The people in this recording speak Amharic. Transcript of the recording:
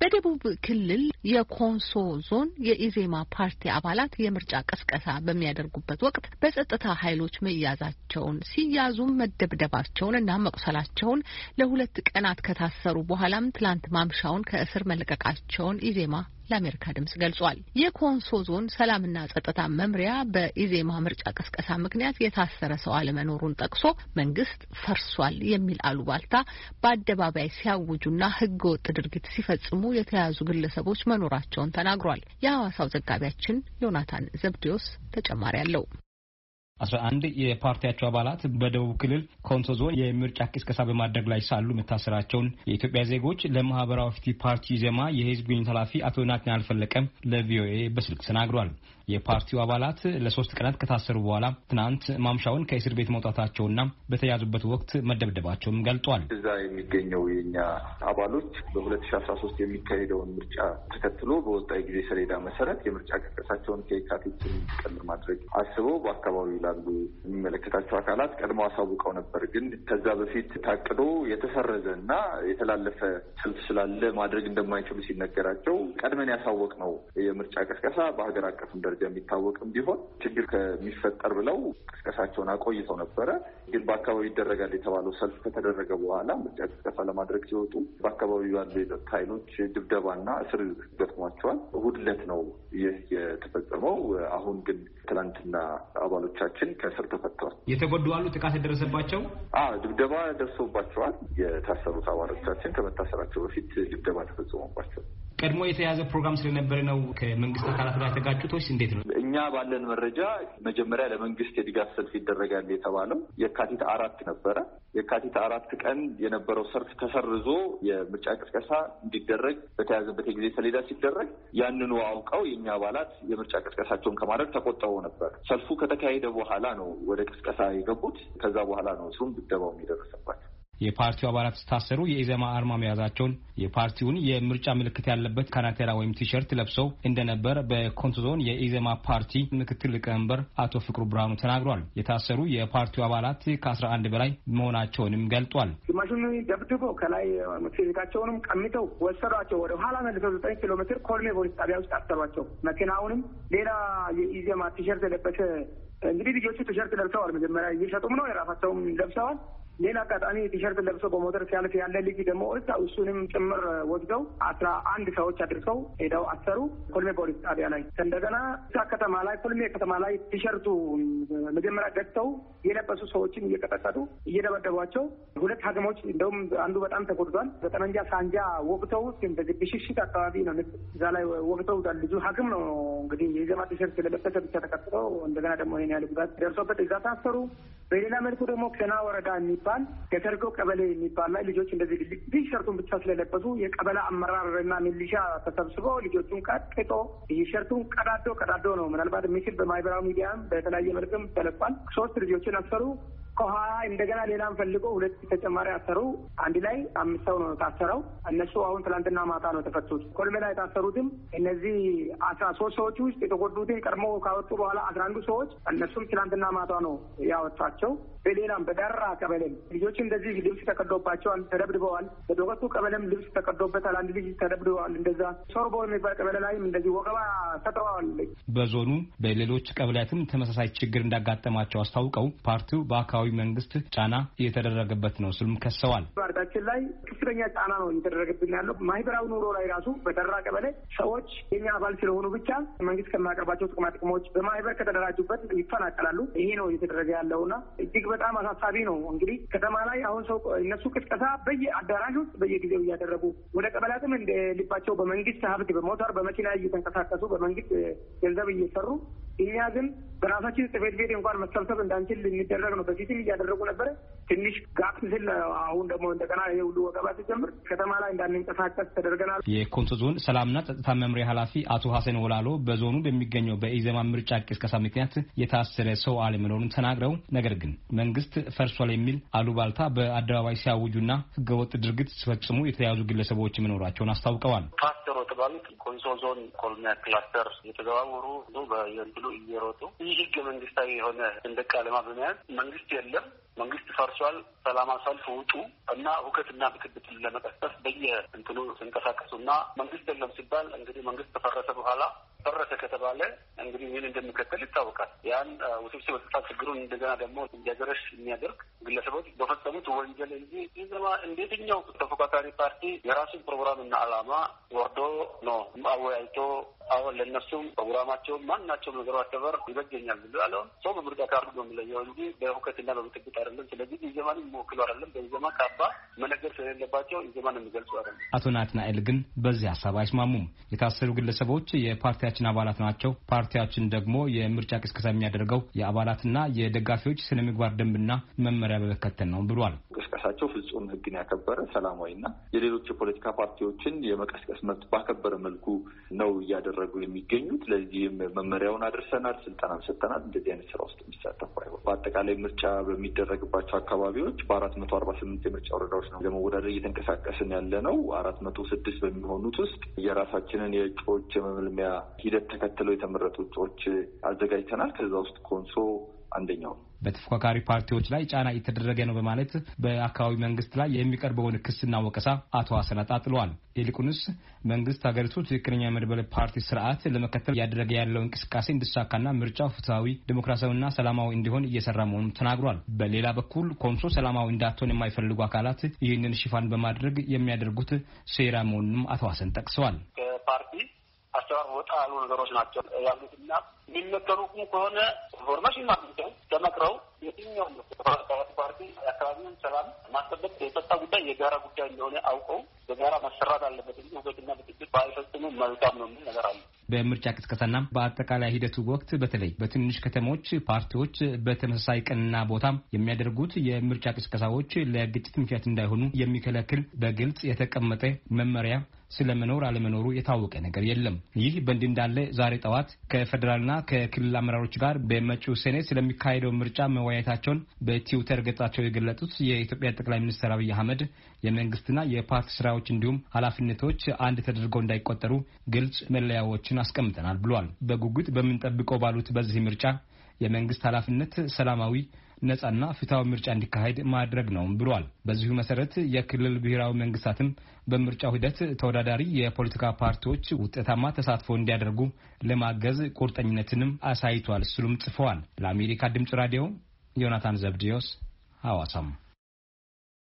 በደቡብ ክልል የኮንሶ ዞን የኢዜማ ፓርቲ አባላት የምርጫ ቀስቀሳ በሚያደርጉበት ወቅት በጸጥታ ኃይሎች መያዛቸውን ሲያዙም እና መቁሰላቸውን ለሁለት ቀናት ከታሰሩ በኋላም ትላንት ማምሻውን ከእስር መለቀቃቸውን ኢዜማ ለአሜሪካ ድምጽ ገልጿል። የኮንሶ ዞን ሰላምና ጸጥታ መምሪያ በኢዜማ ምርጫ ቀስቀሳ ምክንያት የታሰረ ሰው አለመኖሩን ጠቅሶ መንግስት ፈርሷል የሚል አሉባልታ በአደባባይ ሲያውጁና ህገ ወጥ ድርጊት ሲፈጽሙ የተያዙ ግለሰቦች መኖራቸውን ተናግሯል። የሐዋሳው ዘጋቢያችን ዮናታን ዘብዲዮስ ተጨማሪ አለው። አስራ አንድ የፓርቲያቸው አባላት በደቡብ ክልል ኮንሶ ዞን የምርጫ ቅስቀሳ በማድረግ ላይ ሳሉ መታሰራቸውን የኢትዮጵያ ዜጎች ለማህበራዊ ፍትህ ፓርቲ ዜማ የህዝብ ግንኙነት ኃላፊ አቶ ናትናኤል ፈለቀም ለቪኦኤ በስልክ ተናግሯል። የፓርቲው አባላት ለሶስት ቀናት ከታሰሩ በኋላ ትናንት ማምሻውን ከእስር ቤት መውጣታቸውና በተያዙበት ወቅት መደብደባቸውም ገልጧል። እዛ የሚገኘው የኛ አባሎች በሁለት ሺ አስራ ሶስት የሚካሄደውን ምርጫ ተከትሎ በወጣ የጊዜ ሰሌዳ መሰረት የምርጫ ቅስቀሳቸውን ከየካቲት ቀን ማድረግ አስበው በአካባቢው ላሉ የሚመለከታቸው አካላት ቀድሞ አሳውቀው ነበር። ግን ከዛ በፊት ታቅዶ የተሰረዘ እና የተላለፈ ስልት ስላለ ማድረግ እንደማይችሉ ሲነገራቸው ቀድመን ያሳወቅ ነው የምርጫ ቅስቀሳ በሀገር አቀፍ በመረጃ የሚታወቅም ቢሆን ችግር ከሚፈጠር ብለው ቅስቀሳቸውን አቆይተው ነበረ። ግን በአካባቢ ይደረጋል የተባለው ሰልፍ ከተደረገ በኋላ ምርጫ ቅስቀሳ ለማድረግ ሲወጡ በአካባቢ ያሉ የጸጥታ ኃይሎች ድብደባና እስር ገጥሟቸዋል። እሑድ ዕለት ነው ይህ የተፈጸመው። አሁን ግን ትናንትና አባሎቻችን ከእስር ተፈተዋል። የተጎዱ አሉ። ጥቃት የደረሰባቸው ድብደባ ደርሶባቸዋል። የታሰሩት አባሎቻችን ከመታሰራቸው በፊት ድብደባ ተፈጽሞባቸዋል። ቀድሞ የተያዘ ፕሮግራም ስለነበረ ነው ከመንግስት አካላት ጋር የተጋጩት ወይስ እንዴት ነው? እኛ ባለን መረጃ መጀመሪያ ለመንግስት የድጋፍ ሰልፍ ይደረጋል የተባለው የካቲት አራት ነበረ። የካቲት አራት ቀን የነበረው ሰልፍ ተሰርዞ የምርጫ ቅስቀሳ እንዲደረግ በተያዘበት የጊዜ ሰሌዳ ሲደረግ ያንኑ አውቀው የእኛ አባላት የምርጫ ቅስቀሳቸውን ከማድረግ ተቆጥበው ነበር። ሰልፉ ከተካሄደ በኋላ ነው ወደ ቅስቀሳ የገቡት። ከዛ በኋላ ነው እሱም ድብደባው የደረሰባቸው። የፓርቲው አባላት ስታሰሩ የኢዜማ አርማ መያዛቸውን የፓርቲውን የምርጫ ምልክት ያለበት ካናቴራ ወይም ቲሸርት ለብሰው እንደነበር በኮንቶ ዞን የኢዜማ ፓርቲ ምክትል ሊቀመንበር አቶ ፍቅሩ ብርሃኑ ተናግሯል። የታሰሩ የፓርቲው አባላት ከአስራ አንድ በላይ መሆናቸውንም ገልጧል። ግማሹን ደብድቦ ከላይ ሴቤታቸውንም ቀምተው ወሰዷቸው። ወደ ኋላ መልሰው ዘጠኝ ኪሎ ሜትር ኮልሜ ፖሊስ ጣቢያ ውስጥ አሰሯቸው። መኪናውንም ሌላ የኢዜማ ቲሸርት የለበሰ እንግዲህ ልጆቹ ቲሸርት ለብሰዋል። መጀመሪያ እየሸጡም ነው የራሳቸውም ለብሰዋል። ሌላ አጋጣሚ ቲሸርት ለብሶ በሞተር ሲያልፍ ያለ ልጅ ደግሞ እዛ እሱንም ጭምር ወስደው አስራ አንድ ሰዎች አድርሰው ሄደው አሰሩ። ኮልሜ ፖሊስ ጣቢያ ላይ እንደገና እዛ ከተማ ላይ ኮልሜ ከተማ ላይ ቲሸርቱ መጀመሪያ ገጥተው የለበሱ ሰዎችን እየቀጠቀጡ እየደበደቧቸው ሁለት ሀገሞች እንደውም አንዱ በጣም ተጎድቷል። በጠመንጃ ሳንጃ ወቅተው ብሽሽት አካባቢ ነው እዛ ላይ ወቅተው ልጁ ሀግም ነው እንግዲህ የጀማ ቲሸርት ለበሰተ ብቻ ተቀጥሎ እንደገና ደግሞ ይሄን ያህል ጉዳት ደርሶበት እዛ ታሰሩ። በሌላ መልኩ ደግሞ ከና ወረዳ የሚ ሲባል ገተርጎ ቀበሌ የሚባል ላይ ልጆች እንደዚህ ልጅ ሸርቱን ብቻ ስለለበሱ የቀበሌ አመራርና ሚሊሻ ተሰብስቦ ልጆቹን ቀጥቅጦ ሸርቱን ቀዳዶ ቀዳዶ ነው። ምናልባት ምስል በማህበራዊ ሚዲያም በተለያየ መልክም ተለቋል። ሶስት ልጆችን አሰሩ። ከኋላ እንደገና ሌላም ፈልጎ ሁለት ተጨማሪ አሰሩ። አንድ ላይ አምስት ሰው ነው ታሰረው እነሱ አሁን ትላንትና ማታ ነው የተፈቱት። ኮልሜላ የታሰሩትም እነዚህ አስራ ሶስት ሰዎች ውስጥ የተጎዱትን ቀድሞ ካወጡ በኋላ አስራ አንዱ ሰዎች እነሱም ትላንትና ማታ ነው ያወጣቸው። በሌላም በዳራ ቀበሌም ልጆች እንደዚህ ልብስ ተቀዶባቸዋል፣ ተደብድበዋል። በዶቀቱ ቀበሌም ልብስ ተቀዶበታል። አንድ ልጅ ተደብድበዋል። እንደዛ ሶርቦ የሚባል ቀበሌ ላይም እንደዚህ ወከባ ፈጥረዋል። በዞኑ በሌሎች ቀበሌያትም ተመሳሳይ ችግር እንዳጋጠማቸው አስታውቀው ፓርቲው በአካባቢ የብሔራዊ መንግስት ጫና እየተደረገበት ነው ስሉም ከሰዋል። ዋርታችን ላይ ከፍተኛ ጫና ነው እየተደረገብን ያለው። ማህበራዊ ኑሮ ላይ ራሱ በተራ ቀበሌ ሰዎች የኛ አባል ስለሆኑ ብቻ መንግስት ከሚያቀርባቸው ጥቅማ ጥቅሞች በማህበር ከተደራጁበት ይፈናቀላሉ። ይሄ ነው እየተደረገ ያለውና እጅግ በጣም አሳሳቢ ነው። እንግዲህ ከተማ ላይ አሁን ሰው እነሱ ቅስቀሳ በየአዳራሽ ውስጥ በየጊዜው እያደረጉ ወደ ቀበላትም እንደ ልባቸው በመንግስት ሀብት በሞተር በመኪና እየተንቀሳቀሱ በመንግስት ገንዘብ እየሰሩ እኛ ግን በራሳችን ጽሕፈት ቤት እንኳን መሰብሰብ እንዳንችል ልንደረግ ነው። በፊት ክትትል እያደረጉ ነበረ። ትንሽ ጋፕ ስል አሁን ደግሞ እንደገና ይህ ሁሉ ወገባ ሲጀምር ከተማ ላይ እንዳንንቀሳቀስ ተደርገናል። የኮንሶ ዞን ሰላምና ጸጥታ መምሪያ ኃላፊ አቶ ሀሰን ወላሎ በዞኑ በሚገኘው በኢዘማ ምርጫ ቅስቀሳ ምክንያት የታሰረ ሰው አለመኖሩን ተናግረው ነገር ግን መንግስት ፈርሷል የሚል አሉባልታ በአደባባይ ሲያውጁና ህገወጥ ድርጊት ሲፈጽሙ የተያዙ ግለሰቦች መኖራቸውን አስታውቀዋል። ታሰሩ የተባሉት ኮንሶ ዞን ኮሎኒያ ክላስተር የተዘዋወሩ በየንትሉ እየሮጡ ይህ ህገ መንግስታዊ የሆነ ሰንደቅ ዓላማ በመያዝ መንግስት የለም መንግስት ፈርሷል፣ ሰላማዊ ሰልፍ ውጡ እና ሁከትና ብጥብጥን ለመቀስቀስ በየ እንትኑ ሲንቀሳቀሱ እና መንግስት የለም ሲባል እንግዲህ መንግስት ከፈረሰ በኋላ ፈረሰ ከተባለ እንግዲህ ምን እንደሚከተል ይታወቃል። ያን ውስብስብ የጸጥታ ችግሩን እንደገና ደግሞ እንዲያገረሽ የሚያደርግ ግለሰቦች በፈጸሙት ወንጀል እንጂ ኢዜማ እንደ ተፎካካሪ ፓርቲ የራሱን ፕሮግራምና አላማ ወርዶ ነው አወያይቶ አሁን ለእነሱም ፕሮግራማቸውም ማናቸውም ነገሩ አተበር ይበጀኛል ብሎ ያለውን ሰው በምርጫ ካርዱ ነው የሚለየው እንጂ በሁከትና በብጥብጥ አይደለም። ስለዚህ ኢዜማን የሚወክሉ አይደለም። በኢዜማ ካባ መነገር ስለሌለባቸው ኢዜማን የሚገልጹ አይደለም። አቶ ናትናኤል ግን በዚህ ሀሳብ አይስማሙም። የታሰሩ ግለሰቦች የፓርቲያ የፓርቲያችን አባላት ናቸው። ፓርቲያችን ደግሞ የምርጫ ቅስቀሳ የሚያደርገው የአባላትና የደጋፊዎች ስነ ምግባር ደንብና መመሪያ በመከተል ነው ብሏል። ቅስቀሳቸው ፍጹም ህግን ያከበረ ሰላማዊና የሌሎች የፖለቲካ ፓርቲዎችን የመቀስቀስ መብት ባከበረ መልኩ ነው እያደረጉ የሚገኙት። ለዚህም መመሪያውን አድርሰናል፣ ስልጠናም ሰጥተናል። እንደዚህ አይነት ስራ ውስጥ የሚሳተፉ አይሆን። በአጠቃላይ ምርጫ በሚደረግባቸው አካባቢዎች በአራት መቶ አርባ ስምንት የምርጫ ወረዳዎች ነው ለመወዳደር እየተንቀሳቀስን ያለ ነው። አራት መቶ ስድስት በሚሆኑት ውስጥ የራሳችንን የእጩዎች የመመልመያ ሂደት ተከትለው የተመረጡ እጩዎች አዘጋጅተናል። ከዛ ውስጥ ኮንሶ አንደኛው ነው። በተፎካካሪ ፓርቲዎች ላይ ጫና እየተደረገ ነው በማለት በአካባቢ መንግስት ላይ የሚቀርበውን ክስና ወቀሳ አቶ ሀሰን አጣጥለዋል። ይልቁንስ መንግስት ሀገሪቱ ትክክለኛ መድበለ ፓርቲ ስርዓት ለመከተል እያደረገ ያለው እንቅስቃሴ እንዲሳካና ምርጫው ፍትሐዊ፣ ዲሞክራሲያዊና ሰላማዊ እንዲሆን እየሰራ መሆኑን ተናግሯል። በሌላ በኩል ኮንሶ ሰላማዊ እንዳትሆን የማይፈልጉ አካላት ይህንን ሽፋን በማድረግ የሚያደርጉት ሴራ መሆኑንም አቶ ሀሰን ጠቅሰዋል። ፓርቲ አሰራር ወጣ ያሉ ነገሮች ናቸው ያሉት ያሉትና የሚመከሩ ከሆነ ኢንፎርሜሽን ማግኝተው ተመክረው የትኛውም ፓርቲ የአካባቢውን ሰላም ማስጠበቅ የጸጥታ ጉዳይ የጋራ ጉዳይ እንደሆነ አውቀው በጋራ መሰራት አለበት እንጂ ውበትና ብጥብጥ ባይፈጽሙ መልካም ነው የሚል ነገር አለ። በምርጫ ቅስቀሳና በአጠቃላይ ሂደቱ ወቅት በተለይ በትንሽ ከተሞች ፓርቲዎች በተመሳሳይ ቀንና ቦታ የሚያደርጉት የምርጫ ቅስቀሳዎች ለግጭት ምክንያት እንዳይሆኑ የሚከለክል በግልጽ የተቀመጠ መመሪያ ስለመኖር አለመኖሩ የታወቀ ነገር የለም። ይህ በእንዲህ እንዳለ ዛሬ ጠዋት ከፌዴራልና ከክልል አመራሮች ጋር በመጪው ሴኔት ስለሚካሄደው ምርጫ መወያየታቸውን በትዊተር ገጻቸው የገለጡት የኢትዮጵያ ጠቅላይ ሚኒስትር አብይ አህመድ የመንግስትና የፓርቲ ስራዎች እንዲሁም ኃላፊነቶች አንድ ተደርገው እንዳይቆጠሩ ግልጽ መለያዎችን አስቀምጠናል ብሏል። በጉጉት በምንጠብቀው ባሉት በዚህ ምርጫ የመንግስት ኃላፊነት ሰላማዊ ነጻና ፍትሐዊ ምርጫ እንዲካሄድ ማድረግ ነው ብሏል። በዚሁ መሰረት የክልል ብሔራዊ መንግስታትም በምርጫው ሂደት ተወዳዳሪ የፖለቲካ ፓርቲዎች ውጤታማ ተሳትፎ እንዲያደርጉ ለማገዝ ቁርጠኝነትንም አሳይቷል ስሉም ጽፈዋል። ለአሜሪካ ድምጽ ራዲዮ ዮናታን ዘብዲዮስ ሐዋሳም